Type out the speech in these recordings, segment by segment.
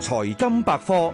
財金百科。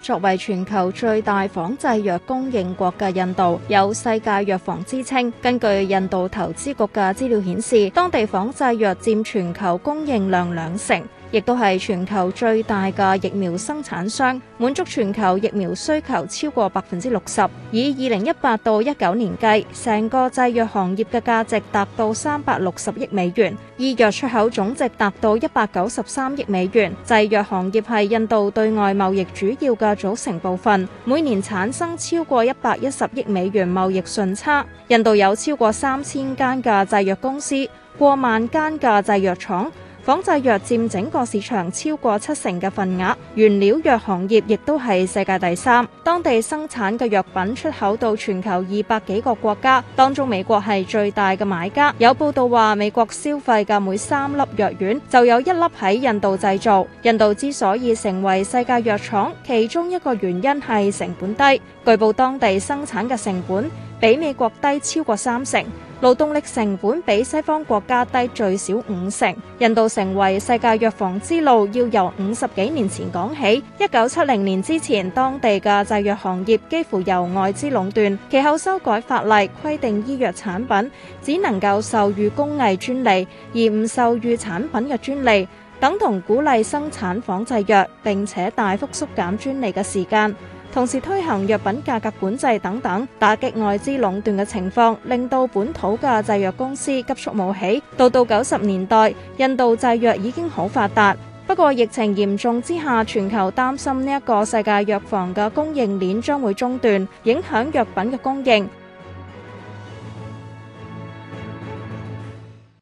作為全球最大仿製藥供應國嘅印度，有世界藥房之稱。根據印度投資局嘅資料顯示，當地仿製藥佔全球供應量兩成。亦都係全球最大嘅疫苗生產商，滿足全球疫苗需求超過百分之六十。以二零一八到一九年計，成個製藥行業嘅價值達到三百六十億美元，醫藥出口總值達到一百九十三億美元。製藥行業係印度對外貿易主要嘅組成部分，每年產生超過一百一十億美元貿易順差。印度有超過三千間嘅製藥公司，過萬間嘅製藥廠。仿製藥佔整個市場超過七成嘅份額，原料藥行業亦都係世界第三。當地生產嘅藥品出口到全球二百幾個國家，當中美國係最大嘅買家。有報道話，美國消費嘅每三粒藥丸就有一粒喺印度製造。印度之所以成為世界藥廠，其中一個原因係成本低。據報當地生產嘅成本比美國低超過三成，勞動力成本比西方國家低最少五成。印度成為世界藥房之路，要由五十幾年前講起。一九七零年之前，當地嘅製藥行業幾乎由外資壟斷，其後修改法例，規定醫藥產品只能夠授予工藝專利，而唔授予產品嘅專利，等同鼓勵生產仿製藥，並且大幅縮減專利嘅時間。同時推行藥品價格管制等等，打擊外資壟斷嘅情況，令到本土嘅製藥公司急速冒起。到到九十年代，印度製藥已經好發達。不過疫情嚴重之下，全球擔心呢一個世界藥房嘅供應鏈將會中斷，影響藥品嘅供應。